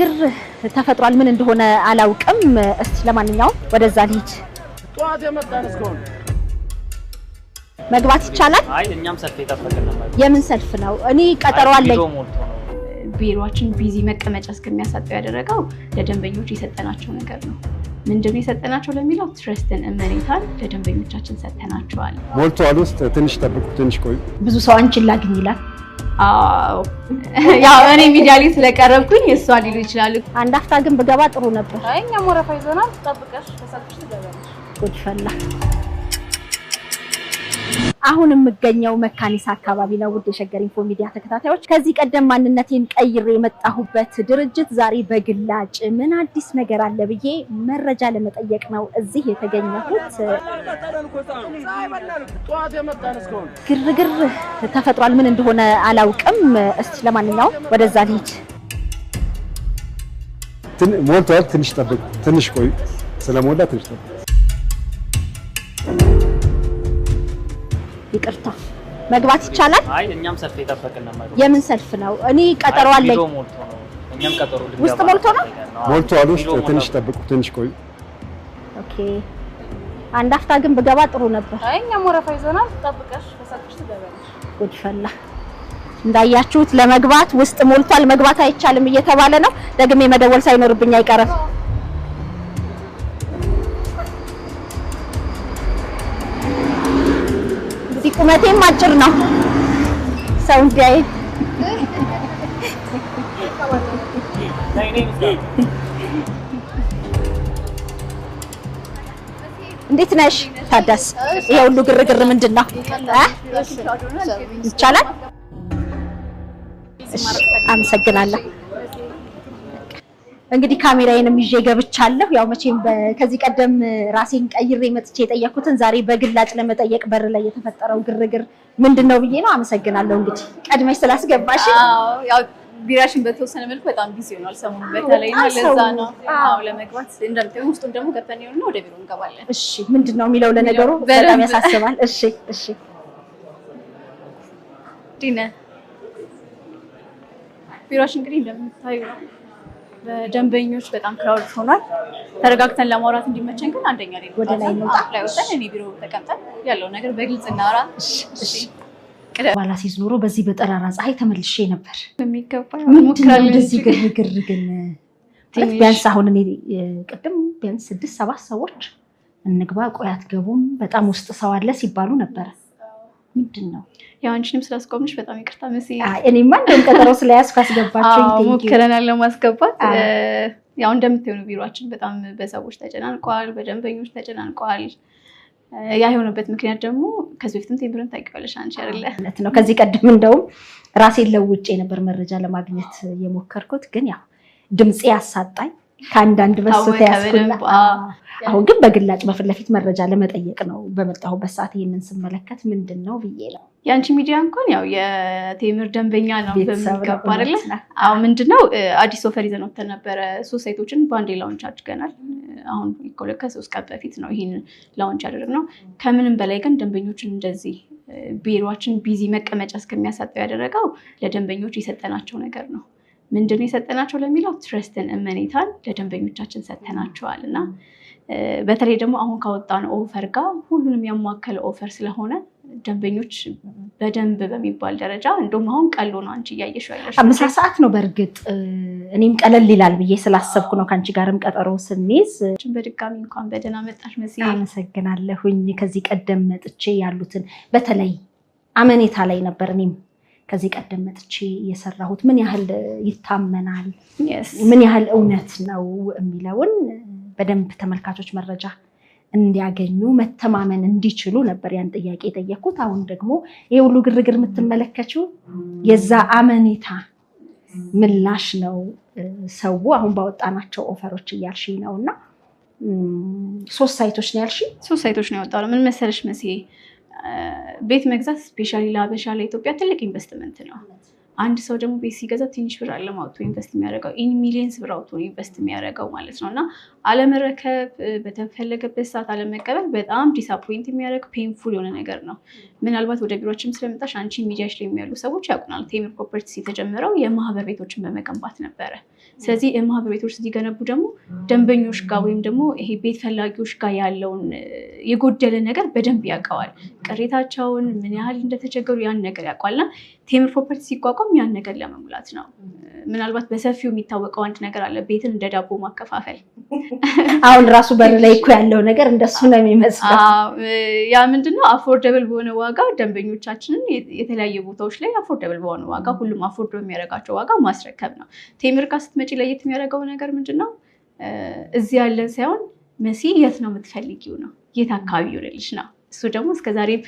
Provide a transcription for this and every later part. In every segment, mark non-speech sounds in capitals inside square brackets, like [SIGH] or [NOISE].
ግርግር ተፈጥሯል። ምን እንደሆነ አላውቅም። እስቲ ለማንኛውም ወደዛ ልሂድ። ጠዋት መግባት ይቻላል። አይ እኛም ሰልፍ የጠበቅን የምን ሰልፍ ነው? እኔ ቀጠሮ አለኝ። ቢሮችን ቢዚ መቀመጫ እስከሚያሳጠው ያደረገው ለደንበኞች የሰጠናቸው ነገር ነው። ምንድን የሰጠናቸው ለሚለው ትረስትን እመኔታን ለደንበኞቻችን ሰጥተናቸዋል። ሞልቷል። ውስጥ ትንሽ ጠብቁ፣ ትንሽ ቆዩ። ብዙ ሰው አንቺን ላግኝ ይላል። ያው እኔ ሚዲያ ላይ ስለቀረብኩኝ እሷ ሊሉ ይችላሉ። አንድ አፍታ ግን ብገባ ጥሩ ነበር። እኛም ወረፋ ይዞናል። ጠብቀሽ ተሰጥሽ ትገበለሽ ጉድፈላ አሁን የምገኘው መካኒሳ አካባቢ ነው። ውድ የሸገር ኢንፎ ሚዲያ ተከታታዮች ከዚህ ቀደም ማንነቴን ቀይሬ የመጣሁበት ድርጅት ዛሬ በግላጭ ምን አዲስ ነገር አለ ብዬ መረጃ ለመጠየቅ ነው እዚህ የተገኘሁት። ግርግር ተፈጥሯል። ምን እንደሆነ አላውቅም። እስቲ ለማንኛውም ወደዛ ልሂድ። ሞልቷል። ትንሽ ጠብቅ። ትንሽ ቆይ። ስለሞላ ትንሽ ጠብቅ። መግባት ይቻላል? አይ እኛም ሰልፍ የጠበቅን ነው። የምን ሰልፍ ነው? እኔ ቀጠሮ አለኝ። ውስጥ ሞልቶ ነው? ሞልቷል። ውስጥ ትንሽ ጠብቁ፣ ትንሽ ቆዩ። ኦኬ። አንድ አፍታ ግን ብገባ ጥሩ ነበር። አይ እኛም ወረፋ ይዘናል። ጠብቀሽ ተሰጥሽ ትገበለሽ። ጉድ ፈላ። እንዳያችሁት ለመግባት ውስጥ ሞልቷል፣ መግባት አይቻልም እየተባለ ነው። ደግሜ መደወል ሳይኖርብኝ አይቀርም። ቁመቴም አጭር ነው። ሰው እንዲያይ እንዴት ነሽ ታዳስ? ይሄ ሁሉ ግርግር ምንድን ነው? ይቻላል። አመሰግናለሁ። እንግዲህ ካሜራዬንም ይዤ ገብቻለሁ። ያው መቼም ከዚህ ቀደም ራሴን ቀይሬ መጥቼ የጠየኩትን ዛሬ በግላጭ ለመጠየቅ በር ላይ የተፈጠረው ግርግር ምንድን ነው ብዬ ነው። አመሰግናለሁ እንግዲህ ቀድመሽ ስላስገባሽ። ቢራሽን በተወሰነ መልኩ በጣም ቢዚ ሆኗል ሰሞኑን በተለይ ነው። ለዛ ነው አዎ፣ ለመግባት እንደምታዩ ውስጡን ደግሞ ገብተን ይሁን ነው ወደ ቢሮ እንገባለን። እሺ፣ ምንድን ነው የሚለው ለነገሩ በጣም ያሳስባል። እሺ፣ እሺ ዲነ ቢራሽ እንግዲህ እንደምታዩ ነው በደንበኞች በጣም ክራውድ ሆኗል። ተረጋግተን ለማውራት እንዲመቸን ግን አንደኛ ላይ ወደ ላይ እንውጣ ላይ ወጥተን እኔ ቢሮ ተቀምጠን ያለው ነገር በግልጽ እናውራ። ባላሲዝ ኖሮ በዚህ በጠራራ ፀሐይ ተመልሼ ነበር። እንደዚህ ግርግር ግን ቢያንስ አሁን እኔ ቅድም ቢያንስ ስድስት ሰባት ሰዎች እንግባ ቆይ አትገቡም፣ በጣም ውስጥ ሰው አለ ሲባሉ ነበረ። ምንድን ነው ያው አንቺንም ስላስቆምንሽ በጣም ይቅርታ መሲ። እኔማ እንደውም ቀጠሮ ስለያዝኩ አስገባቸው ሞክረናል ለማስገባት። ያው እንደምትሆኑ ቢሮችን በጣም በሰዎች ተጨናንቋል፣ በደንበኞች ተጨናንቋል። ያ የሆነበት ምክንያት ደግሞ ከዚህ በፊትም ቴምብረን ታውቂዋለሽ አንቺ አይደለ? እውነት ነው። ከዚህ ቀደም እንደውም ራሴን ለውጭ የነበር መረጃ ለማግኘት የሞከርኩት፣ ግን ያው ድምፄ አሳጣኝ። ከአንዳንድ በሱ ተያዝኩና አሁን ግን በግላጭ በፊት ለፊት መረጃ ለመጠየቅ ነው በመጣሁበት ሰዓት ይህንን ስመለከት ምንድን ነው ብዬ ነው። የአንቺ ሚዲያ እንኳን ያው የቴምር ደንበኛ ነው በሚገባ አይደለ? ምንድነው አዲስ ኦፈር ይዘን ወጥተን ነበረ። ሶስት ሳይቶችን በአንዴ ላውንች አድርገናል። አሁን ከሶስት ቀን በፊት ነው ይህን ላውንች ነው ከምንም በላይ ግን ደንበኞችን እንደዚህ ቢሮችን ቢዚ መቀመጫ እስከሚያሳጠው ያደረገው ለደንበኞች የሰጠናቸው ነገር ነው። ምንድን ነው የሰጠናቸው ለሚለው ትረስትን እመኔታን ለደንበኞቻችን ሰጥተናቸዋል እና በተለይ ደግሞ አሁን ካወጣን ኦፈር ጋር ሁሉንም ያማከለ ኦፈር ስለሆነ ደንበኞች በደንብ በሚባል ደረጃ እንደውም አሁን ቀሎ ነው አንቺ እያየሽ ያለሽ ምሳ ሰዓት ነው። በእርግጥ እኔም ቀለል ይላል ብዬ ስላሰብኩ ነው ከአንቺ ጋርም ቀጠሮ ስንይዝ። በድጋሚ እንኳን በደህና መጣሽ መሲ። አመሰግናለሁኝ። ከዚህ ቀደም መጥቼ ያሉትን በተለይ አመኔታ ላይ ነበር እኔም ከዚህ ቀደም መጥቼ የሰራሁት ምን ያህል ይታመናል፣ ምን ያህል እውነት ነው የሚለውን በደንብ ተመልካቾች መረጃ እንዲያገኙ መተማመን እንዲችሉ ነበር ያን ጥያቄ የጠየኩት። አሁን ደግሞ ይህ ሁሉ ግርግር የምትመለከችው የዛ አመኔታ ምላሽ ነው። ሰው አሁን ባወጣናቸው ኦፈሮች እያልሽ ነው እና ሶስት ሳይቶች ነው ያልሽ? ሶስት ሳይቶች ነው ያወጣነው። ምን መሰለሽ መስ ቤት መግዛት ስፔሻሊ ለሀበሻ ለኢትዮጵያ ትልቅ ኢንቨስትመንት ነው። አንድ ሰው ደግሞ ቤት ሲገዛ ትንሽ ብር አለም አውጥቶ ኢንቨስት የሚያደርገው ኢን ሚሊየንስ ብር አውቶ ኢንቨስት የሚያደርገው ማለት ነው እና አለመረከብ፣ በተፈለገበት ሰዓት አለመቀበል በጣም ዲስአፖይንት የሚያደርግ ፔንፉል የሆነ ነገር ነው። ምናልባት ወደ ቢሮችም ስለመጣሽ አንቺ ሚዲያች ላይ የሚያሉ ሰዎች ያውቁናል። ቴምር ፕሮፐርቲስ የተጀመረው የማህበር ቤቶችን በመገንባት ነበረ። ስለዚህ የማህበር ቤቶች ሲገነቡ ደግሞ ደንበኞች ጋር ወይም ደግሞ ይሄ ቤት ፈላጊዎች ጋር ያለውን የጎደለ ነገር በደንብ ያውቀዋል። ቅሬታቸውን ምን ያህል እንደተቸገሩ ያን ነገር ያውቋልና ቴምር ፕሮፐርቲ ሲቋቋም ያን ነገር ለመሙላት ነው። ምናልባት በሰፊው የሚታወቀው አንድ ነገር አለ፣ ቤትን እንደ ዳቦ ማከፋፈል። [LAUGHS] አሁን ራሱ በር ላይ እኮ ያለው ነገር እንደሱ ነው የሚመስለው። ያ ምንድነው አፎርደብል በሆነ ዋጋ ደንበኞቻችንን የተለያዩ ቦታዎች ላይ አፎርደብል በሆነ ዋጋ ሁሉም አፎርዶ በሚያደርጋቸው ዋጋ ማስረከብ ነው። ቴምር ጋር ስትመጪ ለየት የሚያደርገው ነገር ምንድነው? እዚህ ያለን ሳይሆን መሲ የት ነው የምትፈልጊው ነው፣ የት አካባቢ ይሆንልሽ ነው እሱ ደግሞ እስከዛሬም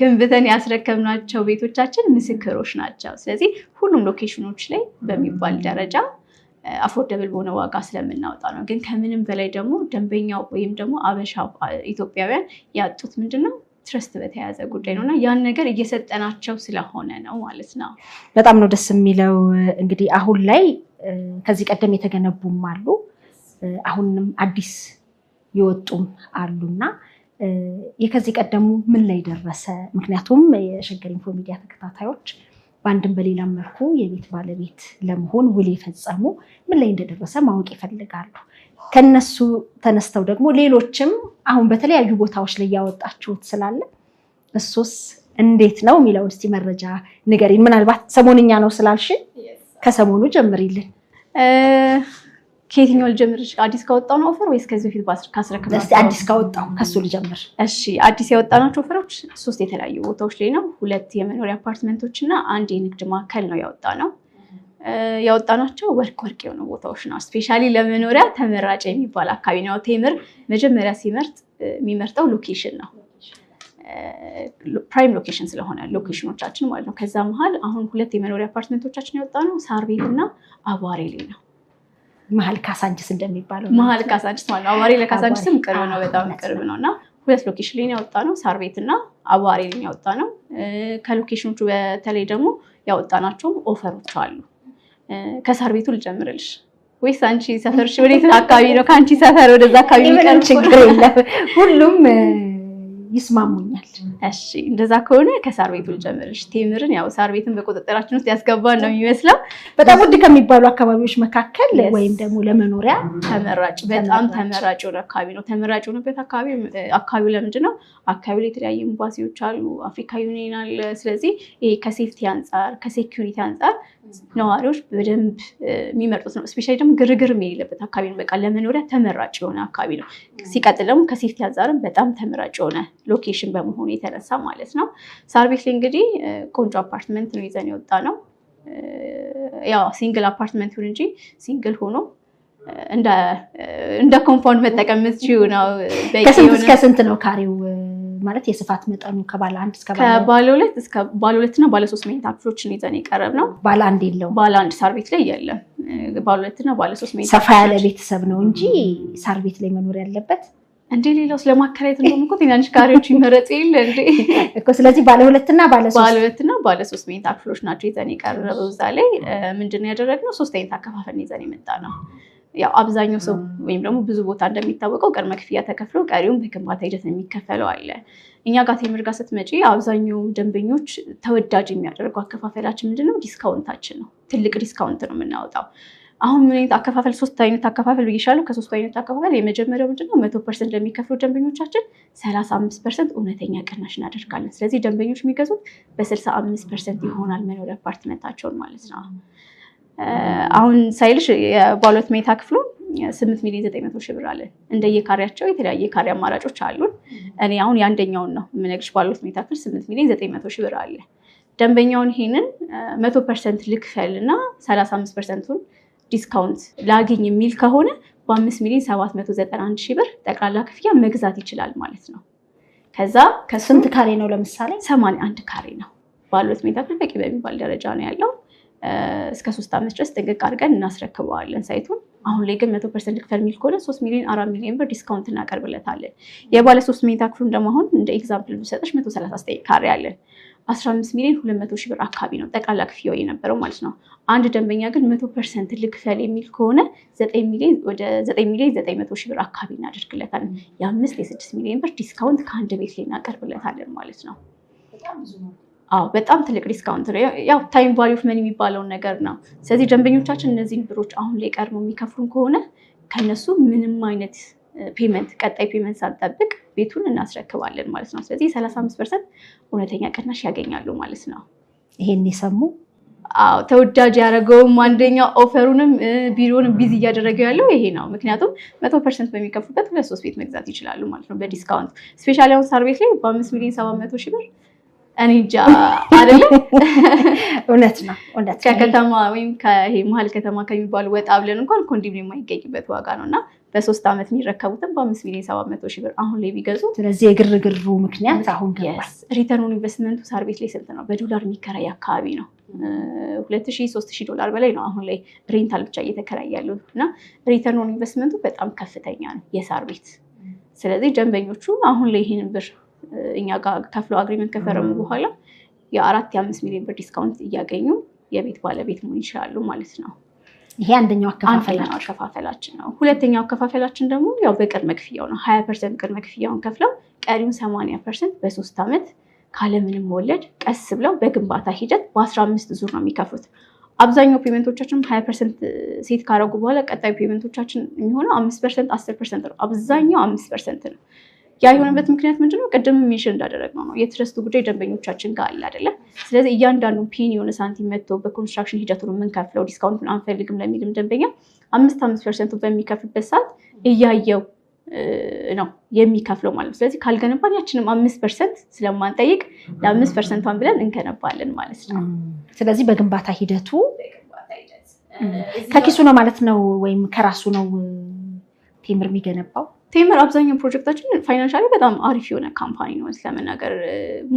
ገንብተን ያስረከብናቸው ቤቶቻችን ምስክሮች ናቸው። ስለዚህ ሁሉም ሎኬሽኖች ላይ በሚባል ደረጃ አፎርደብል በሆነ ዋጋ ስለምናወጣ ነው። ግን ከምንም በላይ ደግሞ ደንበኛው ወይም ደግሞ አበሻ ኢትዮጵያውያን ያጡት ምንድነው ትረስት በተያያዘ ጉዳይ ነው እና ያን ነገር እየሰጠናቸው ስለሆነ ነው ማለት ነው። በጣም ነው ደስ የሚለው። እንግዲህ አሁን ላይ ከዚህ ቀደም የተገነቡም አሉ አሁንም አዲስ የወጡም አሉና የከዚህ ቀደሙ ምን ላይ ደረሰ? ምክንያቱም የሸገር ኢንፎ ሚዲያ ተከታታዮች በአንድም በሌላም መልኩ የቤት ባለቤት ለመሆን ውል የፈጸሙ ምን ላይ እንደደረሰ ማወቅ ይፈልጋሉ። ከነሱ ተነስተው ደግሞ ሌሎችም አሁን በተለያዩ ቦታዎች ላይ ያወጣችሁት ስላለ እሱስ እንዴት ነው የሚለውን እስቲ መረጃ ንገሪን። ምናልባት ሰሞንኛ ነው ስላልሽ ከሰሞኑ ጀምሪልን። ከየትኛው ልጀምር አዲስ ካወጣው ነው ኦፈር ወይስ ከዚህ በፊት ካስረክበ? አዲስ ካወጣው ከሱ ልጀምር። እሺ፣ አዲስ ያወጣናቸው ኦፈሮች ሶስት የተለያዩ ቦታዎች ላይ ነው። ሁለት የመኖሪያ አፓርትመንቶች እና አንድ የንግድ ማዕከል ነው ያወጣ ነው ያወጣናቸው ወርቅ ወርቅ የሆኑ ቦታዎች ነው። ስፔሻሊ ለመኖሪያ ተመራጭ የሚባል አካባቢ ነው። ቴምር መጀመሪያ ሲመርጥ የሚመርጠው ሎኬሽን ነው፣ ፕራይም ሎኬሽን ስለሆነ ሎኬሽኖቻችን ማለት ነው። ከዛ መሀል አሁን ሁለት የመኖሪያ አፓርትመንቶቻችን ያወጣ ነው ሳር ቤት እና አቧሬሌ ነው። መሀል ካሳንችስ እንደሚባለው መሀል ካሳንችስ ማለት ነው። አዋሬ ለካሳንችስም ቅርብ ነው፣ በጣም ቅርብ ነው እና ሁለት ሎኬሽን ላይ ያወጣ ነው፣ ሳር ቤት እና አዋሪ ላይ ያወጣ ነው። ከሎኬሽኖቹ በተለይ ደግሞ ያወጣናቸው ኦፈሮች አሉ። ከሳር ቤቱ ልጀምርልሽ ወይስ አንቺ ሰፈርሽ ወዴት አካባቢ ነው? ከአንቺ ሰፈር ወደዛ አካባቢ የሚቀርብ ችግር የለም ሁሉም ይስማሙኛል። እሺ እንደዛ ከሆነ ከሳር ቤቱ ልጀምርሽ። ቴምርን ያው ሳር ቤትን በቁጥጥራችን ውስጥ ያስገባል ነው የሚመስለው። በጣም ውድ ከሚባሉ አካባቢዎች መካከል ወይም ደግሞ ለመኖሪያ ተመራጭ በጣም ተመራጭ የሆነ አካባቢ ነው። ተመራጭ የሆነበት አካባቢ አካባቢው ለምንድን ነው? አካባቢ ላይ የተለያዩ ኤምባሲዎች አሉ፣ አፍሪካ ዩኒየን አለ። ስለዚህ ከሴፍቲ አንጻር ከሴኪሪቲ አንጻር ነዋሪዎች በደንብ የሚመርጡት ነው። ስፔሻሊ ደግሞ ግርግር የሌለበት አካባቢ ነው። በቃ ለመኖሪያ ተመራጭ የሆነ አካባቢ ነው። ሲቀጥል ደግሞ ከሴፍቲ አንጻርም በጣም ተመራጭ የሆነ ሎኬሽን በመሆኑ የተነሳ ማለት ነው። ሳር ቤት ላይ እንግዲህ ቆንጆ አፓርትመንት ነው ይዘን የወጣ ነው። ያው ሲንግል አፓርትመንት ይሁን እንጂ ሲንግል ሆኖ እንደ ኮምፓውንድ መጠቀም ምትችው ነው። ከስንት እስከ ስንት ነው ካሬው? ማለት የስፋት መጠኑ ከባለ አንድ እስከ ባለ ሁለት እስከ ባለ ሁለትና ባለ ሶስት መኝታ ክፍሎችን ይዘን የቀረብ ነው። ባለ አንድ የለውም። ባለ አንድ ሳር ቤት ላይ የለም። ባለ ሁለት እና ባለ ሶስት መኝታ ሰፋ ያለ ቤተሰብ ነው እንጂ ሳር ቤት ላይ መኖር ያለበት እንዴ ሌላው ስለማከራየት እንደሆነ እኮ ትናንሽ ካሬዎች ይመረጡ የለ እንዴ [LAUGHS] እኮ። ስለዚህ ባለ ሁለትና ባለ ሶስት ባለ ሁለትና ባለ ሶስት መኝታ ክፍሎች ናቸው ይዘን የቀረበው። እዛ ላይ ምንድን ነው ያደረግነው? ሶስት አይነት አከፋፈል ይዘን የመጣ ነው። ያው አብዛኛው ሰው ወይም ደግሞ ብዙ ቦታ እንደሚታወቀው ቅድመ ክፍያ ተከፍሎ ቀሪውም በግንባታ ሂደት የሚከፈለው አለ። እኛ ጋር ቴምር ጋር ስትመጪ አብዛኛው ደንበኞች ተወዳጅ የሚያደርገው አከፋፈላችን ምንድነው? ዲስካውንታችን ነው። ትልቅ ዲስካውንት ነው የምናወጣው። አሁን ምን አይነት አከፋፈል? ሶስት አይነት አከፋፈል ብይሻለሁ። ከሶስቱ አይነት አከፋፈል የመጀመሪያው ምንድነው? መቶ ፐርሰንት ለሚከፍሉ ደንበኞቻችን ሰላሳ አምስት ፐርሰንት እውነተኛ ቅናሽ እናደርጋለን። ስለዚህ ደንበኞች የሚገዙት በስልሳ አምስት ፐርሰንት ይሆናል መኖሪያ አፓርትመንታቸውን ማለት ነው። አሁን ሳይልሽ የባሎት መኝታ ክፍሉ ስምንት ሚሊዮን ዘጠኝ መቶ ሺህ ብር አለን። እንደየካሪያቸው የተለያየ ካሪ አማራጮች አሉን። እኔ አሁን የአንደኛውን ነው የምነግርሽ። ባሎት መኝታ ክፍል ስምንት ሚሊዮን ዘጠኝ መቶ ሺህ ብር አለ። ደንበኛውን ይሄንን መቶ ፐርሰንት ልክፈል እና ሰላሳ አምስት ፐርሰንቱን ዲስካውንት ላግኝ የሚል ከሆነ በአምስት ሚሊዮን ሰባት መቶ ዘጠና አንድ ሺህ ብር ጠቅላላ ክፍያ መግዛት ይችላል ማለት ነው። ከዛ ከስንት ካሬ ነው? ለምሳሌ ሰማንያ አንድ ካሬ ነው። ባሎት መኝታ ክፍል በቂ በሚባል ደረጃ ነው ያለው። እስከ ሶስት ዓመት ድረስ ጥንቅቅ አድርገን እናስረክበዋለን ሳይቱን። አሁን ላይ ግን መቶ ፐርሰንት ክፈል የሚል ከሆነ ሶስት ሚሊዮን አራት ሚሊዮን ብር ዲስካውንት እናቀርብለታለን። የባለ ሶስት መኝታ ክፍሉን ደግሞ አሁን እንደ ኤግዛምፕል ብሰጠች መቶ ሰላሳ ዘጠኝ ካሬ አለን። አስራ አምስት ሚሊዮን ሁለት መቶ ሺህ ብር አካባቢ ነው ጠቅላላ ክፍያው የነበረው ማለት ነው። አንድ ደንበኛ ግን መቶ ፐርሰንት ልክፈል የሚል ከሆነ ዘጠኝ ሚሊዮን ወደ ዘጠኝ ሚሊዮን ዘጠኝ መቶ ሺህ ብር አካባቢ እናደርግለታለን። የአምስት የስድስት ሚሊዮን ብር ዲስካውንት ከአንድ ቤት ላይ እናቀርብለታለን ማለት ነው። አዎ በጣም ትልቅ ዲስካውንት ነው። ያው ታይም ቫልዩ ኦፍ መኒ የሚባለውን ነገር ነው። ስለዚህ ደንበኞቻችን እነዚህን ብሮች አሁን ላይ ቀድመው የሚከፍሉን ከሆነ ከነሱ ምንም አይነት ፔመንት ቀጣይ ፔመንት ሳንጠብቅ ቤቱን እናስረክባለን ማለት ነው። ስለዚህ ሰላሳ ፐርሰንት እውነተኛ ቅናሽ ያገኛሉ ማለት ነው። ይሄን የሰሙ አዎ ተወዳጅ ያደረገውም አንደኛው ኦፈሩንም ቢሮንም ቢዚ እያደረገው ያለው ይሄ ነው። ምክንያቱም መቶ ፐርሰንት በሚከፍሉበት ሁለት ሶስት ቤት መግዛት ይችላሉ ማለት ነው በዲስካውንት ስፔሻሊ አሁን ሳር ቤት ላይ በአምስት ሚሊዮን ሰባት መቶ ሺህ ብር እኔ እንጃ አይደለም። እውነት ነው እውነት ከከተማ ወይም መሀል ከተማ ከሚባሉ ወጣ ብለን እንኳን ኮንዶሚኒየም የማይገኝበት ዋጋ ነው እና በሶስት ዓመት የሚረከቡትም በአምስት ሚሊዮን ሰባት መቶ ሺህ ብር አሁን ላይ ቢገዙ፣ ስለዚህ የግርግሩ ምክንያት አሁን ሪተርን ኢንቨስትመንቱ ሳር ቤት ላይ ስንት ነው? በዶላር የሚከራይ አካባቢ ነው ሁለት ሺህ ሶስት ሺህ ዶላር በላይ ነው አሁን ላይ ሬንታል ብቻ እየተከራይ ያሉ እና ሪተርን ኢንቨስትመንቱ በጣም ከፍተኛ ነው የሳር ቤት ስለዚህ ደንበኞቹ አሁን ላይ ይህንን ብር እኛ ጋር ከፍለው አግሪመንት ከፈረሙ በኋላ የአራት የአምስት ሚሊዮን ብር ዲስካውንት እያገኙ የቤት ባለቤት መሆን ይችላሉ ማለት ነው። ይሄ አንደኛው አከፋፈላችን ነው። ሁለተኛው አከፋፈላችን ደግሞ ያው በቅድመ ክፍያው ነው። ሀያ ፐርሰንት ቅድመ ክፍያውን ከፍለው ቀሪውን ሰማንያ ፐርሰንት በሶስት ዓመት ካለምንም ወለድ ቀስ ብለው በግንባታ ሂደት በአስራ አምስት ዙር ነው የሚከፍሉት። አብዛኛው ፔመንቶቻችን ሀያ ፐርሰንት ሴት ካረጉ በኋላ ቀጣዩ ፔመንቶቻችን የሚሆነው አምስት ፐርሰንት አስር ፐርሰንት ነው። አብዛኛው አምስት ፐርሰንት ነው። ያ የሆነበት ምክንያት ምንድነው? ቅድም ሚሽን እንዳደረግነው ነው የትረስቱ ጉዳይ ደንበኞቻችን ጋር አለ አይደለም። ስለዚህ እያንዳንዱ ፔኒ የሆነ ሳንቲም መጥቶ በኮንስትራክሽን ሂደቱን የምንከፍለው ዲስካውንት አንፈልግም ለሚልም ደንበኛ አምስት አምስት ፐርሰንቱ በሚከፍልበት ሰዓት እያየው ነው የሚከፍለው ማለት ነው። ስለዚህ ካልገነባን ያችንም አምስት ፐርሰንት ስለማንጠይቅ ለአምስት ፐርሰንቷን ብለን እንገነባለን ማለት ነው። ስለዚህ በግንባታ ሂደቱ ከኪሱ ነው ማለት ነው ወይም ከራሱ ነው ቴምር የሚገነባው ቴምር አብዛኛው ፕሮጀክታችን ፋይናንሻሊ በጣም አሪፍ የሆነ ካምፓኒ ነው። ነገር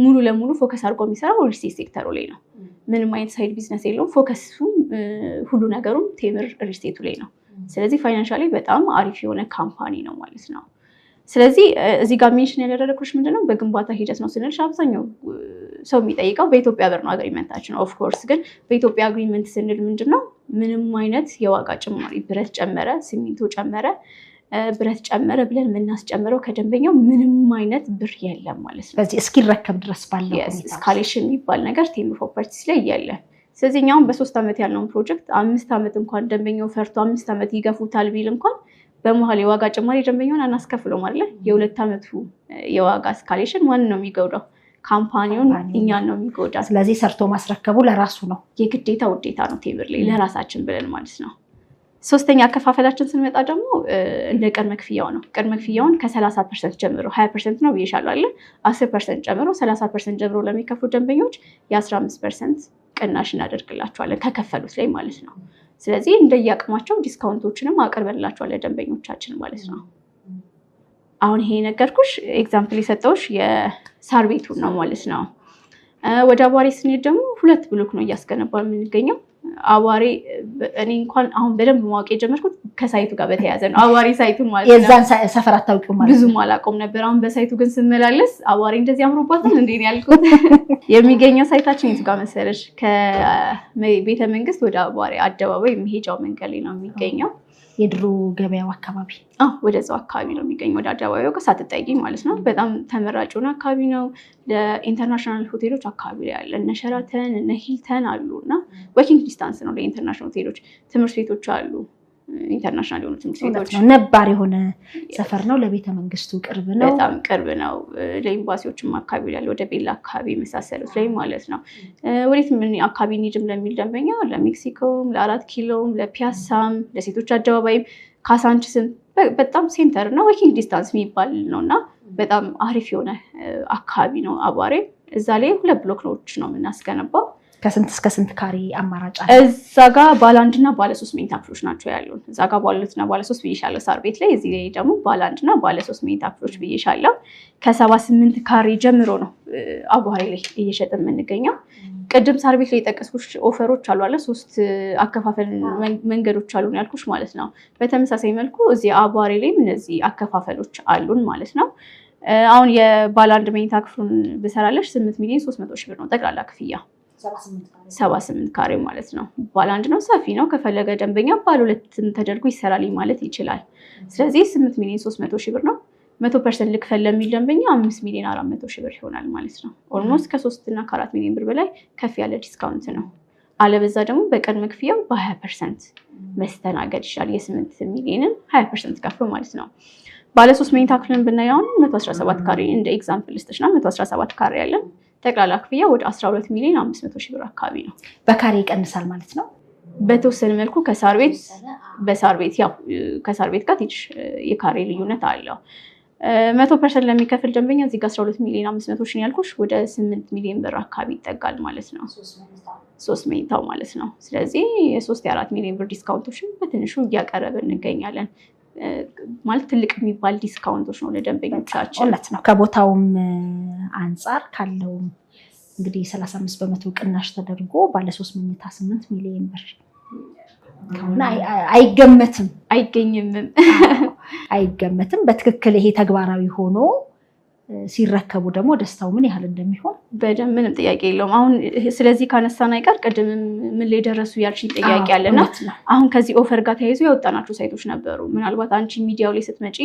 ሙሉ ለሙሉ ፎከስ አድርጎ የሚሰራው ሪልስቴት ሴክተሩ ላይ ነው። ምንም አይነት ሳይድ ቢዝነስ የለውም። ፎከሱም ሁሉ ነገሩም ቴምር ሪልስቴቱ ላይ ነው። ስለዚህ ፋይናንሻሊ በጣም አሪፍ የሆነ ካምፓኒ ነው ማለት ነው። ስለዚህ እዚህ ጋር ሜንሽን ያደረግኩሽ ምንድነው በግንባታ ሂደት ነው ስንልሽ አብዛኛው ሰው የሚጠይቀው በኢትዮጵያ ብር ነው አግሪመንታችን። ኦፍኮርስ ግን በኢትዮጵያ አግሪመንት ስንል ምንድነው ምንም አይነት የዋጋ ጭማሪ ብረት ጨመረ፣ ሲሚንቶ ጨመረ ብረት ጨመረ ብለን የምናስጨምረው ከደንበኛው ምንም አይነት ብር የለም ማለት ነው። በዚህ እስኪረከብ ድረስ ባለው እስካሌሽን የሚባል ነገር ቴምር ፕሮፐርቲስ ላይ እያለን ስለዚህ እኛውም በሶስት ዓመት ያለውን ፕሮጀክት አምስት ዓመት እንኳን ደንበኛው ፈርቶ አምስት ዓመት ይገፉታል ቢል እንኳን በመሀል የዋጋ ጭማሪ ደንበኛውን አናስከፍለው ማለ የሁለት ዓመቱ የዋጋ እስካሌሽን ማን ነው የሚጎዳው? ካምፓኒውን እኛን ነው የሚጎዳ። ስለዚህ ሰርቶ ማስረከቡ ለራሱ ነው የግዴታ ውዴታ ነው ቴምር ላይ ለራሳችን ብለን ማለት ነው። ሶስተኛ አከፋፈላችን ስንመጣ ደግሞ እንደ ቅድመ ክፍያው ነው። ቅድመ ክፍያውን ከ30 ፐርሰንት ጀምሮ 20 ፐርሰንት ነው ብዬሻለሁ አይደል? ጀምሮ ፐርሰንት ጨምሮ ፐርሰንት ጀምሮ ለሚከፍሉ ደንበኞች የ15 ፐርሰንት ቅናሽ እናደርግላቸዋለን ከከፈሉት ላይ ማለት ነው። ስለዚህ እንደየአቅማቸው ዲስካውንቶችንም አቅርበንላቸዋለን ደንበኞቻችን ማለት ነው። አሁን ይሄ ነገርኩሽ ኤግዛምፕል የሰጠውሽ የሳር ቤቱን ነው ማለት ነው። ወደ አቧሪ ስንሄድ ደግሞ ሁለት ብሎክ ነው እያስገነባ የምንገኘው አዋሪ እኔ እንኳን አሁን በደንብ ማወቅ የጀመርኩት ከሳይቱ ጋር በተያያዘ ነው። አዋሪ ሳይቱ ማለት የዛን ሰፈር አታውቂ ማለት ብዙም አላውቀውም ነበር። አሁን በሳይቱ ግን ስመላለስ አዋሪ እንደዚህ አምሮባትን እንዴ ያልኩት። [LAUGHS] የሚገኘው ሳይታችን የቱ ጋር መሰለሽ? ከቤተ መንግስት ወደ አዋሪ አደባባይ መሄጃው መንገድ ላይ ነው የሚገኘው። የድሮ ገበያው አካባቢ ወደዛው አካባቢ ነው የሚገኝ ወደ አደባባይ ሳትጠይቂ ማለት ነው። በጣም ተመራጭ የሆነ አካባቢ ነው። ለኢንተርናሽናል ሆቴሎች አካባቢ ላይ ያለ እነ ሸራተን እነ ሂልተን አሉ እና ወኪንግ ዲስታንስ ነው ለኢንተርናሽናል ሆቴሎች። ትምህርት ቤቶች አሉ ኢንተርናሽናል የሆኑ ትምህርት ቤቶች ነባር የሆነ ሰፈር ነው። ለቤተ መንግስቱ ቅርብ ነው፣ በጣም ቅርብ ነው። ለኤምባሲዎችም አካባቢ ላለ ወደ ቤላ አካባቢ የመሳሰሉት ላይ ማለት ነው። ወዴት ምን አካባቢ እንሂድም ለሚል ደንበኛ ለሜክሲኮም፣ ለአራት ኪሎም፣ ለፒያሳም፣ ለሴቶች አደባባይም፣ ካሳንችስም በጣም ሴንተር እና ወኪንግ ዲስታንስ የሚባል ነው እና በጣም አሪፍ የሆነ አካባቢ ነው አቧሬ። እዛ ላይ ሁለት ብሎክኖች ነው የምናስገነባው ከስንት እስከ ስንት ካሬ አማራጭ አለ? እዛ ጋ ባለ አንድና ባለ ሶስት መኝታ ፍሎች ናቸው ያሉ። እዛ ጋ ባለ ሁለትና ባለ ሶስት ብዬሻለሁ ሳር ቤት ላይ። እዚህ ላይ ደግሞ ባለ አንድና ባለ ሶስት መኝታ ፍሎች ብዬሻለሁ። ከሰባ ስምንት ካሬ ጀምሮ ነው አቡሃሪ ላይ እየሸጥ የምንገኘው። ቅድም ሳር ቤት ላይ የጠቀስኩሽ ኦፈሮች አሉ አለ ሶስት አከፋፈል መንገዶች አሉን ያልኩሽ ማለት ነው። በተመሳሳይ መልኩ እዚህ አቡሃሪ ላይም እነዚህ አከፋፈሎች አሉን ማለት ነው። አሁን የባለ አንድ መኝታ ክፍሉን ብሰራለሽ ስምንት ሚሊዮን ሶስት መቶ ሺህ ብር ነው ጠቅላላ ክፍያ ሰባ ስምንት ካሬ ማለት ነው። ባለ አንድ ነው፣ ሰፊ ነው። ከፈለገ ደንበኛ ባለ ሁለትም ተደርጎ ይሰራል ማለት ይችላል። ስለዚህ ስምንት ሚሊዮን ሶስት መቶ ሺህ ብር ነው። መቶ ፐርሰንት ልክፈል ለሚል ደንበኛ አምስት ሚሊዮን አራት መቶ ሺህ ብር ይሆናል ማለት ነው። ኦልሞስት ከሶስትና ከአራት ሚሊዮን ብር በላይ ከፍ ያለ ዲስካውንት ነው። አለበዛ ደግሞ በቅድመ ክፍያው በሀያ ፐርሰንት መስተናገድ ይችላል። የስምንት ሚሊዮንን ሀያ ፐርሰንት ከፍ ማለት ነው። ባለ ሶስት መኝታ ክፍልን ብናየውን መቶ አስራ ሰባት ካሬ እንደ ኤግዛምፕል ስቶች ነው። መቶ አስራ ሰባት ካሬ ያለን ጠቅላላ ክፍያ ወደ 12 ሚሊዮን 500 ሺህ ብር አካባቢ ነው። በካሬ ይቀንሳል ማለት ነው። በተወሰነ መልኩ ከሳር ቤት በሳር ቤት ያው ከሳር ቤት ጋር ትንሽ የካሬ ልዩነት አለው። መቶ ፐርሰንት ለሚከፍል ደንበኛ እዚህ ጋ 12 ሚሊዮን 500 ሺህ ያልኩሽ ወደ 8 ሚሊዮን ብር አካባቢ ይጠጋል ማለት ነው። ሶስት መኝታው ማለት ነው። ስለዚህ የሶስት የአራት ሚሊዮን ብር ዲስካውንቶችን በትንሹ እያቀረበ እንገኛለን። ማለት ትልቅ የሚባል ዲስካውንቶች ነው ለደንበኞቻችን። እውነት ነው። ከቦታውም አንጻር ካለውም እንግዲህ ሰላሳ በመቶ ቅናሽ ተደርጎ ባለሶስት መኝታ ስምንት ሚሊዮን ብር ከሆነ አይገመትም አይገኝምም አይገመትም። በትክክል ይሄ ተግባራዊ ሆኖ ሲረከቡ ደግሞ ደስታው ምን ያህል እንደሚሆን በደንብ ምንም ጥያቄ የለውም። አሁን ስለዚህ ካነሳን አይቀር ቅድም ምን ላይ ደረሱ ያልሽኝ ጥያቄ አለና አሁን ከዚህ ኦፈር ጋር ተያይዞ ያወጣናቸው ሳይቶች ነበሩ። ምናልባት አንቺ ሚዲያው ላይ ስትመጪ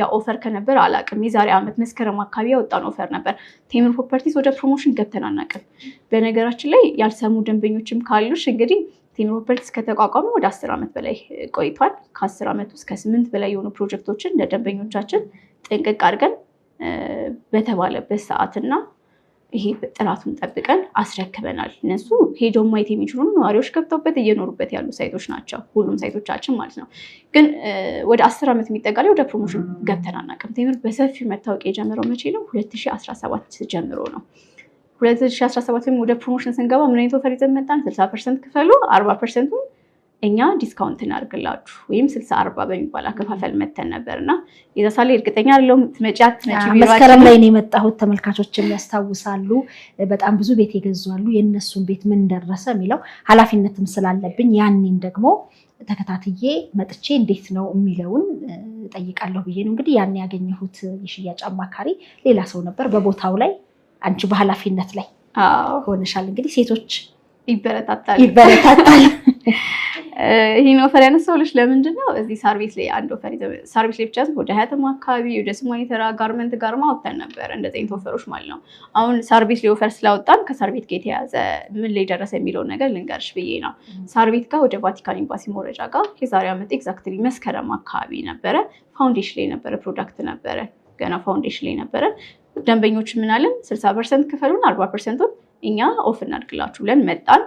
ያ ኦፈር ከነበር አላቅም። የዛሬ ዓመት መስከረም አካባቢ ያወጣን ኦፈር ነበር። ቴምር ፕሮፐርቲስ ወደ ፕሮሞሽን ገብተን አናቅም። በነገራችን ላይ ያልሰሙ ደንበኞችም ካሉሽ እንግዲህ ቴምር ፕሮፐርቲስ ከተቋቋመ ወደ አስር ዓመት በላይ ቆይቷል። ከአስር ዓመት ውስጥ ከስምንት በላይ የሆኑ ፕሮጀክቶችን ለደንበኞቻችን ጥንቅቅ አድርገን በተባለበት ሰዓት እና ይሄ ጥራቱን ጠብቀን አስረክበናል። እነሱ ሄደው ማየት የሚችሉ ነዋሪዎች ገብተውበት እየኖሩበት ያሉ ሳይቶች ናቸው፣ ሁሉም ሳይቶቻችን ማለት ነው። ግን ወደ አስር ዓመት የሚጠጋ ወደ ፕሮሞሽን ገብተን አናውቅም። ቴምር በሰፊው መታወቅ የጀመረው መቼ ነው? 2017 ጀምሮ ነው። 2017 ወደ ፕሮሞሽን ስንገባ ምን አይነት ወፈር ይዘን መጣን? 60 ፐርሰንት ክፈሉ፣ 40 ፐርሰንቱን እኛ ዲስካውንት እናድርግላችሁ ወይም ስልሳ አርባ በሚባል አከፋፈል መተን ነበር እና የዛ ሳለ እርግጠኛ አይደለሁም ትመጫት መስከረም ላይ ነው የመጣሁት። ተመልካቾችም ያስታውሳሉ። በጣም ብዙ ቤት የገዟሉ። የእነሱን ቤት ምን ደረሰ የሚለው ኃላፊነትም ስላለብኝ ያኔም ደግሞ ተከታትዬ መጥቼ እንዴት ነው የሚለውን ጠይቃለሁ ብዬ ነው እንግዲህ ያን ያገኘሁት የሽያጭ አማካሪ ሌላ ሰው ነበር። በቦታው ላይ አንቺ በኃላፊነት ላይ ሆነሻል። እንግዲህ ሴቶች ይበረታታል ይበረታታል [LAUGHS] ይህን ኦፈር ያነሳሁልሽ ለምንድን ነው? እዚህ ሰርቪስ ላይ አንድ ኦፈር ሰርቪስ ላይ ብቻ ወደ ሀያተማ አካባቢ ወደ ስሞኔተራ ጋርመንት ጋር አውጥተን ነበር እንደዚህ አይነት ኦፈሮች ማለት ነው። አሁን ሰርቪስ ላይ ኦፈር ስላወጣን ከሳርቤት ጋር የተያዘ ምን ላይ ደረሰ የሚለውን ነገር ልንገርሽ ብዬ ነው። ሳርቤት ጋር ወደ ቫቲካን ኤምባሲ መውረጃ ጋር የዛሬ ዓመት ኤግዛክትሊ መስከረም አካባቢ ነበረ። ፋውንዴሽን ላይ ነበረ፣ ፕሮዳክት ነበረ፣ ገና ፋውንዴሽን ላይ ነበረ። ደንበኞች ምናለን ስልሳ ፐርሰንት ክፈሉን፣ አርባ ፐርሰንቱን እኛ ኦፍ እናድርግላችሁ ብለን መጣን።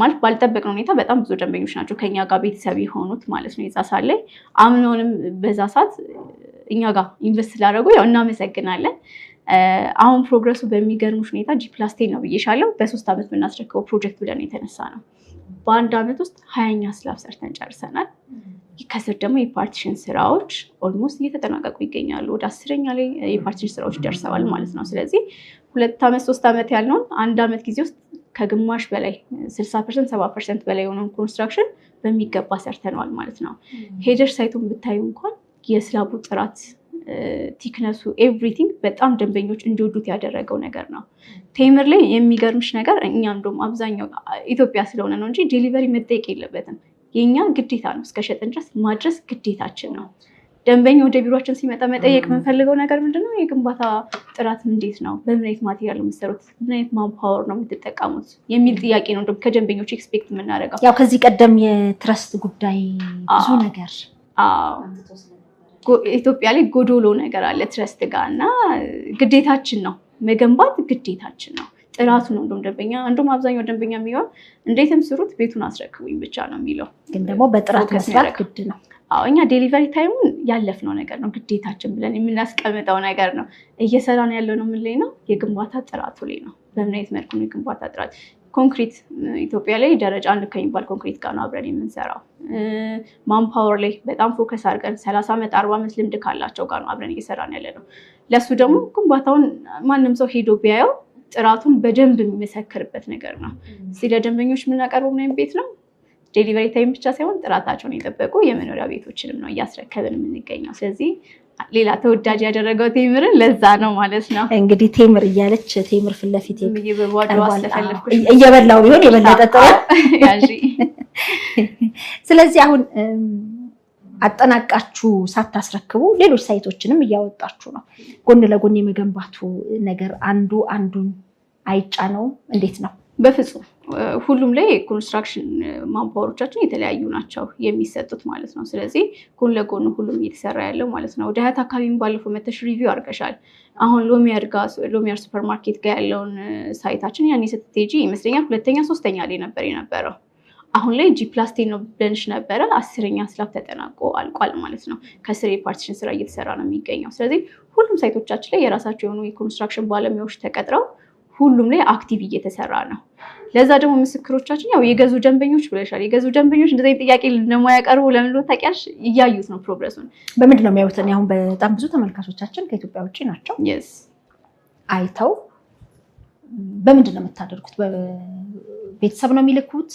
ማለት ባልጠበቅን ሁኔታ በጣም ብዙ ደንበኞች ናቸው ከኛ ጋር ቤተሰብ የሆኑት ማለት ነው። የዛ ላይ አምኖንም በዛ ሰዓት እኛ ጋር ኢንቨስት ስላደረጉ ያው እናመሰግናለን። አሁን ፕሮግረሱ በሚገርሙ ሁኔታ ጂፕላስቴን ነው ብዬሻለው። በሶስት ዓመት የምናስረክበው ፕሮጀክት ብለን የተነሳ ነው። በአንድ ዓመት ውስጥ ሀያኛ ስላብ ሰርተን ጨርሰናል። ከስር ደግሞ የፓርቲሽን ስራዎች ኦልሞስት እየተጠናቀቁ ይገኛሉ። ወደ አስረኛ ላይ የፓርቲሽን ስራዎች ደርሰዋል ማለት ነው። ስለዚህ ሁለት ዓመት ሶስት ዓመት ያልነውን አንድ ዓመት ጊዜ ውስጥ ከግማሽ በላይ 60 ፐርሰንት ሰባ ፐርሰንት በላይ የሆነውን ኮንስትራክሽን በሚገባ ሰርተነዋል ማለት ነው። ሄደር ሳይቱን ብታዩ እንኳን የስላቡ ጥራት ቲክነሱ ኤቭሪቲንግ በጣም ደንበኞች እንዲወዱት ያደረገው ነገር ነው። ቴምር ላይ የሚገርምሽ ነገር እኛ እንደውም አብዛኛው ኢትዮጵያ ስለሆነ ነው እንጂ ዴሊቨሪ መጠየቅ የለበትም የእኛ ግዴታ ነው። እስከ ሸጥን ድረስ ማድረስ ግዴታችን ነው። ደንበኛ ወደ ቢሮችን ሲመጣ መጠየቅ የምንፈልገው ነገር ምንድነው? የግንባታ ጥራት እንዴት ነው? በምን አይነት ማቴሪያል የምትሰሩት? ምን አይነት ማንፓወር ነው የምትጠቀሙት? የሚል ጥያቄ ነው ከደንበኞች ኤክስፔክት የምናደርገው። ያው ከዚህ ቀደም የትረስት ጉዳይ ብዙ ነገር ኢትዮጵያ ላይ ጎዶሎ ነገር አለ ትረስት ጋር እና ግዴታችን ነው መገንባት ግዴታችን ነው። ጥራቱ ነው። እንደውም ደንበኛ እንደውም አብዛኛው ደንበኛ የሚሆን እንዴትም ስሩት ቤቱን አስረክቡኝ ብቻ ነው የሚለው። ግን ደግሞ በጥራት መስራት ግድ ነው። አዎ እኛ ዴሊቨሪ ታይሙን ያለፍነው ነገር ነው ግዴታችን ብለን የምናስቀምጠው ነገር ነው። እየሰራን ያለው ነው ምን ላይ ነው? የግንባታ ጥራቱ ላይ ነው። በምን አይነት መልኩ ነው የግንባታ ጥራት ኮንክሪት ኢትዮጵያ ላይ ደረጃ አንድ ከሚባል ኮንክሪት ጋር ነው አብረን የምንሰራው። ማንፓወር ላይ በጣም ፎከስ አድርገን ሰላሳ ዓመት አርባ ዓመት ልምድ ካላቸው ጋር ነው አብረን እየሰራን ያለ ነው። ለእሱ ደግሞ ግንባታውን ማንም ሰው ሄዶ ቢያየው ጥራቱን በደንብ የሚመሰክርበት ነገር ነው። እዚህ ለደንበኞች የምናቀርበው ምንም ቤት ነው ዴሊቨሪ ታይም ብቻ ሳይሆን ጥራታቸውን የጠበቁ የመኖሪያ ቤቶችንም ነው እያስረከብን የምንገኘው። ስለዚህ ሌላ ተወዳጅ ያደረገው ቴምርን ለዛ ነው ማለት ነው። እንግዲህ ቴምር እያለች ቴምር ፊት ለፊት እየበላው ቢሆን የበለጠ ጥሩ። [LAUGHS] ስለዚህ አሁን አጠናቃችሁ ሳታስረክቡ ሌሎች ሳይቶችንም እያወጣችሁ ነው። ጎን ለጎን የመገንባቱ ነገር አንዱ አንዱን አይጫነውም? እንዴት ነው? በፍጹም ሁሉም ላይ ኮንስትራክሽን ማንፓወሮቻችን የተለያዩ ናቸው የሚሰጡት ማለት ነው። ስለዚህ ጎን ለጎን ሁሉም እየተሰራ ያለው ማለት ነው። ወደ ሀያት አካባቢም ባለፈው መተሽ ሪቪው አድርገሻል። አሁን ሎሚያድ ጋ ሎሚያድ ሱፐርማርኬት ጋር ያለውን ሳይታችን ያኔ ስትሄጂ ይመስለኛል ሁለተኛ ሶስተኛ ላይ ነበር የነበረው አሁን ላይ ጂ ፕላስ ነው ብለንሽ ነበረ። አስረኛ ስላፍ ተጠናቆ አልቋል ማለት ነው። ከስር የፓርቲሽን ስራ እየተሰራ ነው የሚገኘው። ስለዚህ ሁሉም ሳይቶቻችን ላይ የራሳቸው የሆኑ የኮንስትራክሽን ባለሙያዎች ተቀጥረው ሁሉም ላይ አክቲቭ እየተሰራ ነው። ለዛ ደግሞ ምስክሮቻችን ያው የገዙ ደንበኞች ብለሻል። የገዙ ደንበኞች እንደዚህ ጥያቄ ደግሞ ያቀርቡ ለምን ታውቂያለሽ? እያዩት ነው ፕሮግረሱን። በምንድን ነው የሚያዩት? አሁን በጣም ብዙ ተመልካቾቻችን ከኢትዮጵያ ውጭ ናቸው። አይተው በምንድን ነው የምታደርጉት? ቤተሰብ ነው የሚልኩት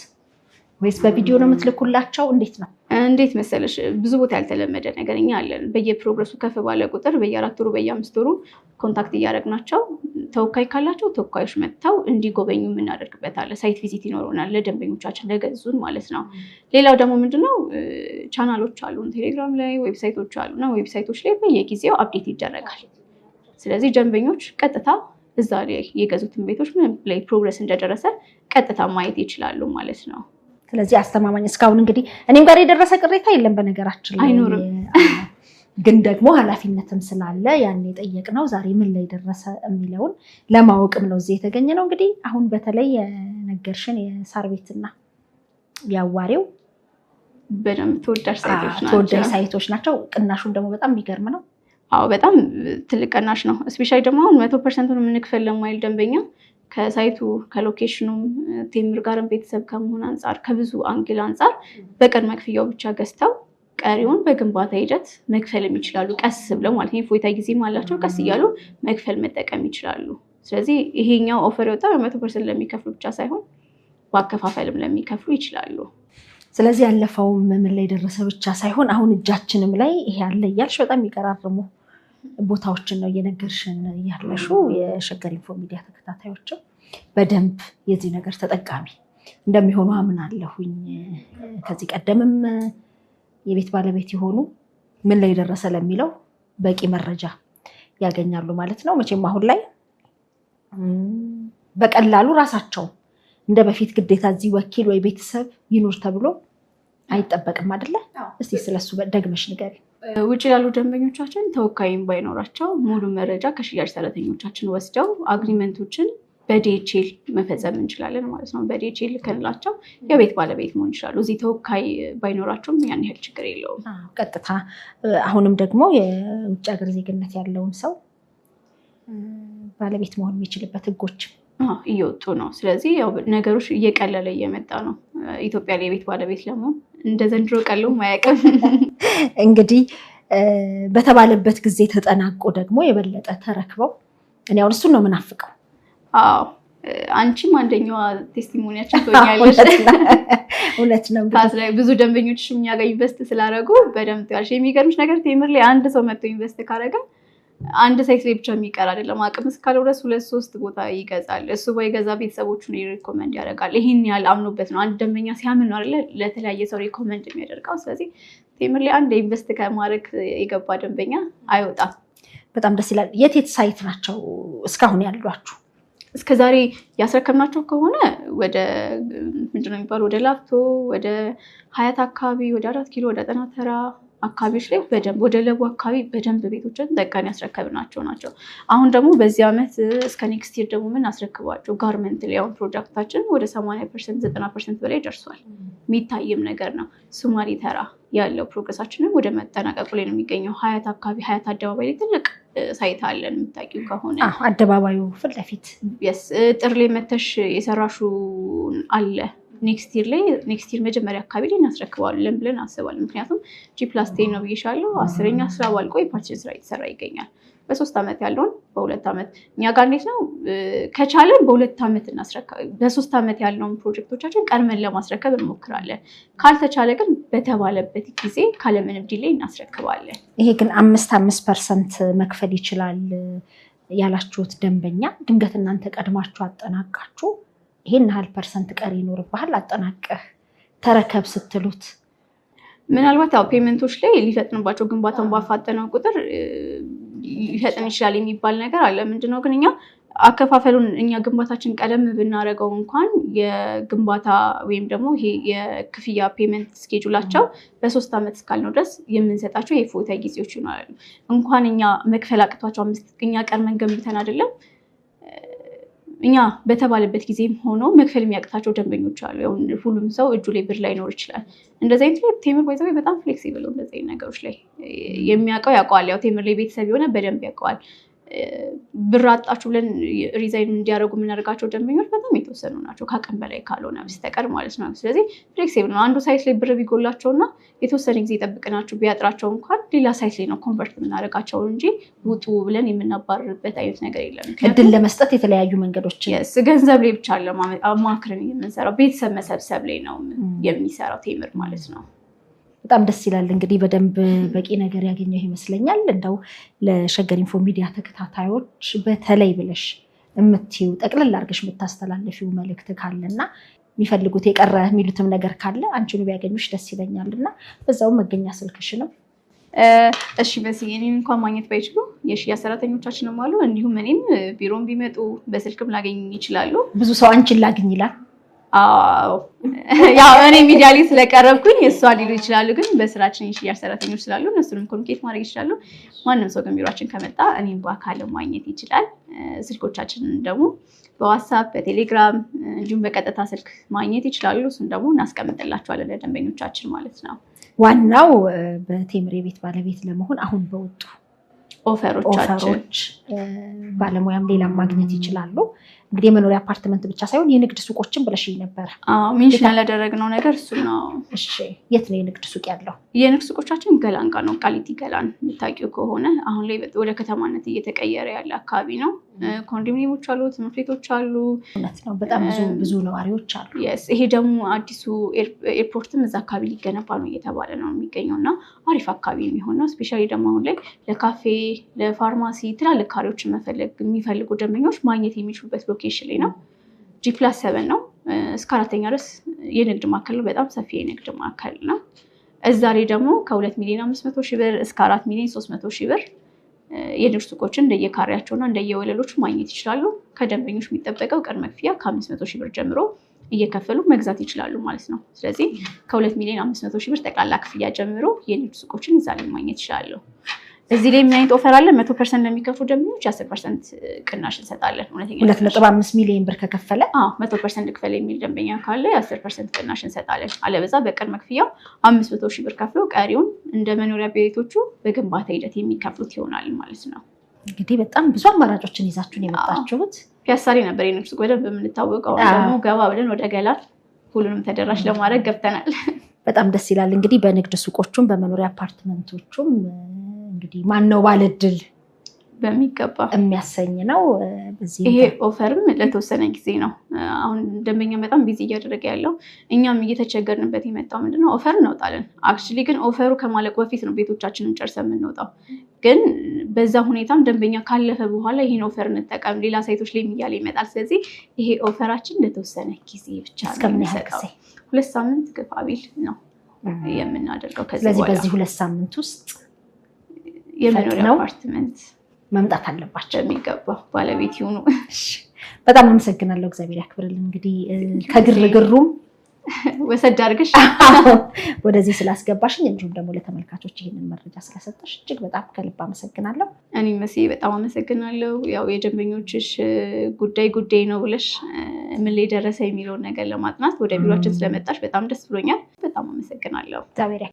ወይስ በቪዲዮ ነው የምትልኩላቸው? እንዴት ነው? እንዴት መሰለሽ ብዙ ቦታ ያልተለመደ ነገር እኛ አለን። በየፕሮግረሱ ከፍ ባለ ቁጥር በየአራት ወሩ በየአምስት ወሩ ኮንታክት እያደረግናቸው ተወካይ ካላቸው ተወካዮች መጥተው እንዲጎበኙ የምናደርግበት አለ። ሳይት ቪዚት ይኖረናል ለደንበኞቻችን ለገዙን ማለት ነው። ሌላው ደግሞ ምንድነው ቻናሎች አሉ ቴሌግራም ላይ ዌብሳይቶች እና ዌብሳይቶች ላይ በየጊዜው አፕዴት ይደረጋል። ስለዚህ ደንበኞች ቀጥታ እዛ ላይ የገዙትን ቤቶች ምን ላይ ፕሮግረስ እንደደረሰ ቀጥታ ማየት ይችላሉ ማለት ነው። ስለዚህ አስተማማኝ እስካሁን እንግዲህ እኔም ጋር የደረሰ ቅሬታ የለም። በነገራችን ላይ አይኖርም፣ ግን ደግሞ ኃላፊነትም ስላለ ያን የጠየቅነው ዛሬ ምን ላይ ደረሰ የሚለውን ለማወቅም ነው እዚህ የተገኘ ነው። እንግዲህ አሁን በተለይ የነገርሽን የሳር ቤትና ያዋሬው በደንብ ተወዳጅ ሳይቶች ናቸው። ቅናሹን ደግሞ በጣም የሚገርም ነው። አዎ በጣም ትልቅ ቅናሽ ነው። እስፔሻሊ ደግሞ አሁን መቶ ፐርሰንቱን የምንክፈል ለማይል ደንበኛ ከሳይቱ ከሎኬሽኑም ቴምር ጋርም ቤተሰብ ከመሆን አንጻር ከብዙ አንግል አንጻር በቅድመ ክፍያው ብቻ ገዝተው ቀሪውን በግንባታ ሂደት መክፈልም ይችላሉ። ቀስ ብለው ማለት ነው። የፎይታ ጊዜም አላቸው። ቀስ እያሉ መክፈል መጠቀም ይችላሉ። ስለዚህ ይሄኛው ኦፈር የወጣው በመቶ ፐርሰንት ለሚከፍሉ ብቻ ሳይሆን በአከፋፈልም ለሚከፍሉ ይችላሉ። ስለዚህ ያለፈውም ምን ላይ ደረሰ ብቻ ሳይሆን አሁን እጃችንም ላይ ይሄ አለ እያልሽ በጣም ይቀራርሙ ቦታዎችን ነው እየነገርሽን ያለሹ የሸገር ኢንፎ ሚዲያ ተከታታዮችም በደንብ የዚህ ነገር ተጠቃሚ እንደሚሆኑ አምናለሁኝ። ከዚህ ቀደምም የቤት ባለቤት የሆኑ ምን ላይ ደረሰ ለሚለው በቂ መረጃ ያገኛሉ ማለት ነው። መቼም አሁን ላይ በቀላሉ ራሳቸው እንደ በፊት ግዴታ እዚህ ወኪል ወይ ቤተሰብ ይኑር ተብሎ አይጠበቅም አይደለ? እስቲ ስለሱ ደግመሽ ንገሪ። ውጭ ያሉ ደንበኞቻችን ተወካይም ባይኖራቸው ሙሉ መረጃ ከሽያጭ ሰራተኞቻችን ወስደው አግሪመንቶችን በዲኤችኤል መፈጸም እንችላለን ማለት ነው። በዲኤችኤል ልከንላቸው የቤት ባለቤት መሆን ይችላሉ። እዚህ ተወካይ ባይኖራቸውም ያን ያህል ችግር የለውም። ቀጥታ አሁንም ደግሞ የውጭ ሀገር ዜግነት ያለውን ሰው ባለቤት መሆን የሚችልበት ህጎች እየወጡ ነው። ስለዚህ ያው ነገሮች እየቀለለ እየመጣ ነው። ኢትዮጵያ ላይ ቤት ባለቤት ለመሆን እንደ ዘንድሮ ቀለውም አያውቅም። [LAUGHS] እንግዲህ በተባለበት ጊዜ ተጠናቆ ደግሞ የበለጠ ተረክበው እኔ አሁን እሱን ነው ምናፍቀው። አዎ አንቺም አንደኛዋ ቴስቲሞኒያችን ትሆኛለሽ። እውነት ነው። ላይ ብዙ ደንበኞች እኛ ኢንቨስት ስላደረጉ በደምብ የሚገርምሽ ነገር ቴምር ላይ አንድ ሰው መጥቶ ኢንቨስት ካደረገ አንድ ሳይት ላይ ብቻ የሚቀር አይደለም። አቅም እስካለው ድረስ ሁለት ሶስት ቦታ ይገዛል። እሱ ወይ ባይገዛ ቤተሰቦቹን ሪኮመንድ ያደርጋል። ይህን ያህል አምኖበት ነው። አንድ ደንበኛ ሲያምን ነው አይደለ ለተለያየ ሰው ሪኮመንድ የሚያደርገው። ስለዚህ ቴምር ላይ አንድ ኢንቨስት ከማድረግ የገባ ደንበኛ አይወጣም። በጣም ደስ ይላል። የት የት ሳይት ናቸው እስካሁን ያሏችሁ? እስከዛሬ ያስረከብናቸው ከሆነ ወደ ምንድነው የሚባለው ወደ ላፍቶ፣ ወደ ሀያት አካባቢ፣ ወደ አራት ኪሎ፣ ወደ ጠና ተራ አካባቢዎች ላይ በደንብ ወደ ለቡ አካባቢ በደንብ ቤቶችን ጠቃሚ ያስረከብናቸው ናቸው። አሁን ደግሞ በዚህ ዓመት እስከ ኔክስት ይር ደግሞ ምን አስረክቧቸው ጋርመንት ላይ አሁን ፕሮጀክታችን ወደ ሰማንያ ፐርሰንት ዘጠና ፐርሰንት በላይ ደርሷል። የሚታይም ነገር ነው። ሱማሌ ተራ ያለው ፕሮግረሳችንም ወደ መጠናቀቁ ላይ ነው የሚገኘው። ሀያት አካባቢ ሀያት አደባባይ ላይ ትልቅ ሳይት አለን የምታውቂው ከሆነ አደባባዩ ፊት ለፊት ጥር ላይ መተሽ የሰራሹ አለ ኔክስት ይር ላይ ኔክስት ይር መጀመሪያ አካባቢ ላይ እናስረክበዋለን ብለን አስባለን። ምክንያቱም ጂ ፕላስ ቴን ነው ብዬሻለሁ። አስረኛ ስራ ባልቆ የፓርቲሽን ስራ እየተሰራ ይገኛል። በሶስት ዓመት ያለውን በሁለት ዓመት እኛ ጋር እንዴት ነው ከቻለን በሁለት ዓመት በሶስት ዓመት ያለውን ፕሮጀክቶቻችን ቀድመን ለማስረከብ እንሞክራለን። ካልተቻለ ግን በተባለበት ጊዜ ካለምንም ዲሌይ እናስረክባለን። ይሄ ግን አምስት አምስት ፐርሰንት መክፈል ይችላል ያላችሁት ደንበኛ ድንገት እናንተ ቀድማችሁ አጠናቃችሁ ይሄን ያህል ፐርሰንት ቀሪ ይኖርብሃል አጠናቀህ ተረከብ ስትሉት ምናልባት ያው ፔመንቶች ላይ ሊፈጥንባቸው ግንባታውን ባፋጠነው ቁጥር ሊፈጥን ይችላል የሚባል ነገር አለ። ምንድነው ግን እኛ አከፋፈሉን እኛ ግንባታችን ቀደም ብናደርገው እንኳን የግንባታ ወይም ደግሞ ይሄ የክፍያ ፔመንት ስኬጁላቸው በሶስት ዓመት እስካልነው ድረስ የምንሰጣቸው የፎታ ጊዜዎች ይኖራሉ። እንኳን እኛ መክፈል አቅቷቸው እኛ ቀድመን ገንብተን አይደለም እኛ በተባለበት ጊዜም ሆኖ መክፈል የሚያቅታቸው ደንበኞች አሉ። ሁሉም ሰው እጁ ላይ ብር ላይኖር ይችላል። እንደዚ አይነት ቴምር ወይዘ በጣም ፍሌክሲብል እንደዚ ነገሮች ላይ የሚያውቀው ያውቀዋል። ያው ቴምር ላይ ቤተሰብ የሆነ በደንብ ያውቀዋል። ብር አጣችሁ ብለን ሪዛይን እንዲያደርጉ የምናደርጋቸው ደንበኞች በጣም የተወሰኑ ናቸው፣ ከአቅም በላይ ካልሆነ በስተቀር ማለት ነው። ስለዚህ ፍሌክሲብል ነው። አንዱ ሳይት ላይ ብር ቢጎላቸው እና የተወሰነ ጊዜ ጠብቅናቸው ቢያጥራቸው እንኳን ሌላ ሳይት ላይ ነው ኮንቨርት የምናደርጋቸው እንጂ ውጡ ብለን የምናባርርበት አይነት ነገር የለም። እድል ለመስጠት የተለያዩ መንገዶች ስ ገንዘብ ላይ ብቻ ለማማክርን የምንሰራው ቤተሰብ መሰብሰብ ላይ ነው የሚሰራው ቴምር ማለት ነው። በጣም ደስ ይላል። እንግዲህ በደንብ በቂ ነገር ያገኘው ይመስለኛል። እንደው ለሸገር ኢንፎ ሚዲያ ተከታታዮች በተለይ ብለሽ የምትይው ጠቅልል አድርገሽ የምታስተላለፊው መልእክት ካለ እና የሚፈልጉት የቀረ የሚሉትም ነገር ካለ አንቺኑ ቢያገኙሽ ደስ ይለኛል እና በዛው መገኛ ነው። እሺ በስዬ እኔን እንኳን ማግኘት ባይችሉ የሽያ ሰራተኞቻችንም አሉ። እንዲሁም እኔም ቢሮም ቢመጡ በስልክም ላገኝ ይችላሉ። ብዙ ሰው አንቺን ላግኝ ይላል። ያው እኔ ሚዲያ ላይ ስለቀረብኩኝ እሷ ሊሉ ይችላሉ፣ ግን በስራችን የሽያጭ ሰራተኞች ስላሉ እነሱንም ኮሚኒኬት ማድረግ ይችላሉ። ማንም ሰው ግን ቢሯችን ከመጣ እኔም በአካል ማግኘት ይችላል። ስልኮቻችንን ደግሞ በዋትሳፕ በቴሌግራም እንዲሁም በቀጥታ ስልክ ማግኘት ይችላሉ። እሱን ደግሞ እናስቀምጥላቸዋለን ለደንበኞቻችን ማለት ነው። ዋናው በቴምር የቤት ባለቤት ለመሆን አሁን በወጡ ኦፈሮች ባለሙያም ሌላም ማግኘት ይችላሉ። እንግዲህ የመኖሪያ አፓርትመንት ብቻ ሳይሆን የንግድ ሱቆችን ብለሽ ነበረ። ሜንሽን ያላደረግነው ነገር እሱ ነው። እሺ፣ የት ነው የንግድ ሱቅ ያለው? የንግድ ሱቆቻችን ገላን ነው። ቃሊቲ ገላን የምታውቂው ከሆነ አሁን ላይ ወደ ከተማነት እየተቀየረ ያለ አካባቢ ነው። ኮንዶሚኒየሞች አሉ፣ ትምህርት ቤቶች አሉ። እውነት ነው፣ በጣም ብዙ ብዙ ነዋሪዎች አሉ። ይሄ ደግሞ አዲሱ ኤርፖርትም እዛ አካባቢ ሊገነባ ነው እየተባለ ነው የሚገኘው እና አሪፍ አካባቢ የሚሆን ነው። ስፔሻሊ ደግሞ አሁን ላይ ለካፌ፣ ለፋርማሲ ትላልቅ ካሬዎችን መፈለግ የሚፈልጉ ደንበኞች ማግኘት የሚችሉበት ሎኬሽን ላይ ነው። ጂ ፕላስ ሰቨን ነው። እስከ አራተኛ ድረስ የንግድ ማዕከል ነው። በጣም ሰፊ የንግድ ማዕከል ነው። እዛ ላይ ደግሞ ከሁለት ሚሊዮን አምስት መቶ ሺህ ብር እስከ አራት ሚሊዮን ሶስት መቶ ሺህ ብር የንግድ ሱቆችን እንደየካሬያቸውና እንደየወለሎች ማግኘት ይችላሉ። ከደንበኞች የሚጠበቀው ቅድመ ክፍያ ከአምስት መቶ ሺህ ብር ጀምሮ እየከፈሉ መግዛት ይችላሉ ማለት ነው። ስለዚህ ከሁለት ሚሊዮን አምስት መቶ ሺህ ብር ጠቅላላ ክፍያ ጀምሮ የንግድ ሱቆችን እዛ ላይ ማግኘት ይችላሉ። እዚህ ላይ ምን አይነት ኦፈር አለ? መቶ ፐርሰንት ለሚከፍሉ ደንበኞች አስር ፐርሰንት ቅናሽ እንሰጣለን። ሁለት ነጥብ አምስት ሚሊዮን ብር ከከፈለ መቶ ፐርሰንት ክፈል የሚል ደንበኛ ካለ የአስር ፐርሰንት ቅናሽ እንሰጣለን። አለበዛ በቀን መክፍያው አምስት መቶ ሺህ ብር ከፍለው ቀሪውን እንደ መኖሪያ ቤቶቹ በግንባታ ሂደት የሚከፍሉት ይሆናል ማለት ነው። እንግዲህ በጣም ብዙ አማራጮችን ይዛችሁን የመጣችሁት ፒያሳ ላይ ነበር የንግስ ጎደብ በምንታወቀው ደግሞ ገባ ብለን ወደ ገላል ሁሉንም ተደራሽ ለማድረግ ገብተናል። በጣም ደስ ይላል። እንግዲህ በንግድ ሱቆቹም በመኖሪያ አፓርትመንቶቹም እንግዲህ ማን ነው ባለድል በሚገባ የሚያሰኝ ነው። ይሄ ኦፈርም ለተወሰነ ጊዜ ነው። አሁን ደንበኛ በጣም ቢዚ እያደረገ ያለው እኛም እየተቸገርንበት የመጣው ምንድነው ኦፈር እንወጣለን። አክቹዋሊ ግን ኦፈሩ ከማለቁ በፊት ነው ቤቶቻችንን ጨርሰ የምንወጣው። ግን በዛ ሁኔታም ደንበኛ ካለፈ በኋላ ይህን ኦፈር እንጠቀም ሌላ ሳይቶች ላይ እያለ ይመጣል። ስለዚህ ይሄ ኦፈራችን ለተወሰነ ጊዜ ብቻ ነው። ሁለት ሳምንት ግፋ ቢል ነው የምናደርገው። ከዚህ በዚህ ሁለት ሳምንት ውስጥ የመኖሪያ አፓርትመንት መምጣት አለባቸው የሚገባው ባለቤት ይሁኑ። በጣም አመሰግናለሁ። እግዚአብሔር ያክብርልን። እንግዲህ ከግርግሩም ወሰድ አድርገሽ [LAUGHS] ወደዚህ ስላስገባሽኝ እንዲሁም ደግሞ ለተመልካቾች ይህንን መረጃ ስለሰጠሽ እጅግ በጣም ከልብ አመሰግናለሁ። እኔ መስ በጣም አመሰግናለሁ። ያው የደንበኞችሽ ጉዳይ ጉዳይ ነው ብለሽ ምን ላይ ደረሰ የሚለውን ነገር ለማጥናት ወደ ቢሮችን ስለመጣሽ በጣም ደስ ብሎኛል። በጣም አመሰግናለሁ።